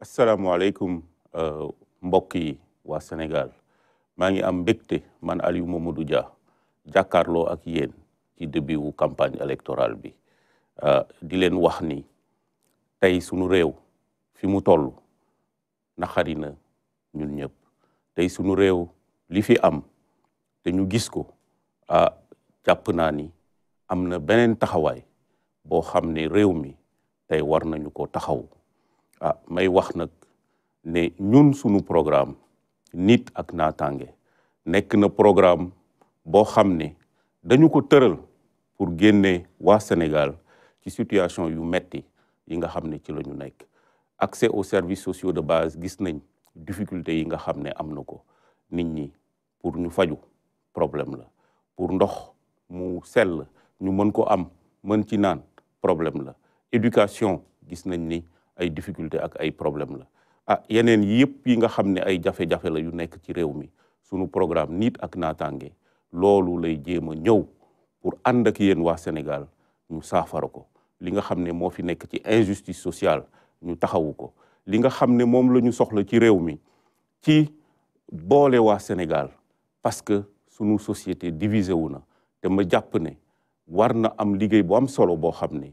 asalaamaaleykum euh, mbokk yi waa Sénégal maa ngi am mbégte man Aliou Mamadou ja jàkkaarloo ak yéen ci début wu campagne électorale bi euh, di leen wax ni tey sunu réew fi mu toll naxari na ñun ñëpp tey sunu réew li fi am te ñu gis ko ah jàpp naa ni am na beneen taxawaay boo xam ne réew mi tey war nañu ko taxaw ah may wax nag ne ñun sunu programme nit ak naataange nekk na programme boo xam ne dañu ko tëral pour génne waa Sénégal ci situation yu metti yi nga xam ne ci la ñu nekk accès au service sociaux de base gis nañ difficulté yi nga xam ne am na ko nit ñi pour ñu faju problème la pour ndox mu sell ñu mën ko am mën ci naan problème la éducation gis nañ ni ay difficulté ak ay problème la ah yeneen yëpp yi nga xam ne ay jafe-jafe la yu nekk ci réew mi sunu programme nit ak naataange loolu lay jéem a ñëw pour ànd ak yéen waa Sénégal ñu saafara ko li nga xam ne moo fi nekk ci injustice sociale ñu taxawu ko li nga xam ne moom la ñu soxla ci réew mi ci boole waa Sénégal parce que sunu société divisé wu na te ma jàpp ne war na am liggéey bu am solo boo xam ne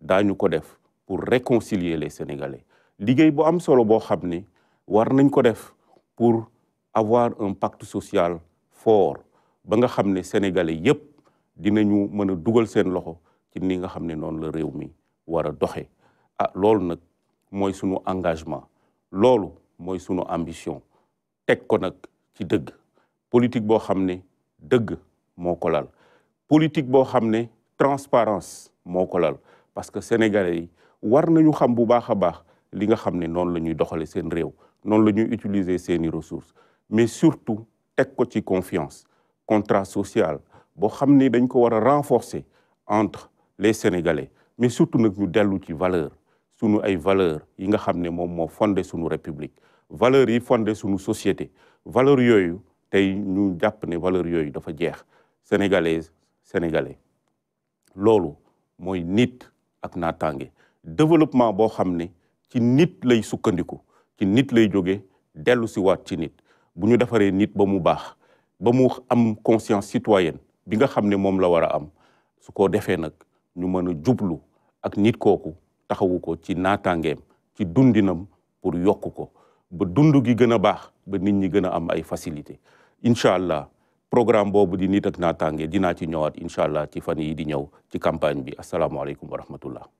daañu ko def pour réconcilier les Sénégalais liggéey boo am solo boo xam ne war nañ ko def pour avoir un pacte social fort ba nga xam ne Sénégalais yépp dinañu mën a dugal seen loxo ci ni nga xam ne noonu la réew mi war a doxe ah loolu nag mooy sunu engagement loolu mooy sunu ambition teg ko nag ci dëgg politique boo xam ne dëgg moo ko lal politique boo xam ne transparence moo ko lal parce que sénégalais yi war nañu xam bu baax a baax li nga xam ne noonu la ñuy doxale seen réew noonu la ñuy utiliser seeni ressources mais surtout teg ko ci confiance contrat social boo xam ne dañ ko war a renforcer entre les sénégalais mais surtout nag ñu dellu ci valeur sunu ay valeur yi nga xam ne moom moo fondé sunu république valeur yi fondé sunu société valeur yooyu tey ñu jàpp ne valeur yooyu dafa jeex sénégalais sénégalais loolu mooy nit ak naataange développement boo xam ne ci nit lay sukkandiku ci nit lay jóge dellu si waat ci nit bu ñu defaree nit ba mu baax ba mu am conscience citoyenne bi nga xam ne moom la war a am su ko defee nag ñu mën a jublu ak nit kooku taxawu ko ci naataangeem ci dundinam pour yokk ko ba dund gi gën a baax ba nit ñi gën a am ay facilité incha allah programme boobu di nit ak naataange dinaa ci ñëwaat incha allah ci fan yi di ñëw ci campagne bi asalaamaaleykum wa rahmatullah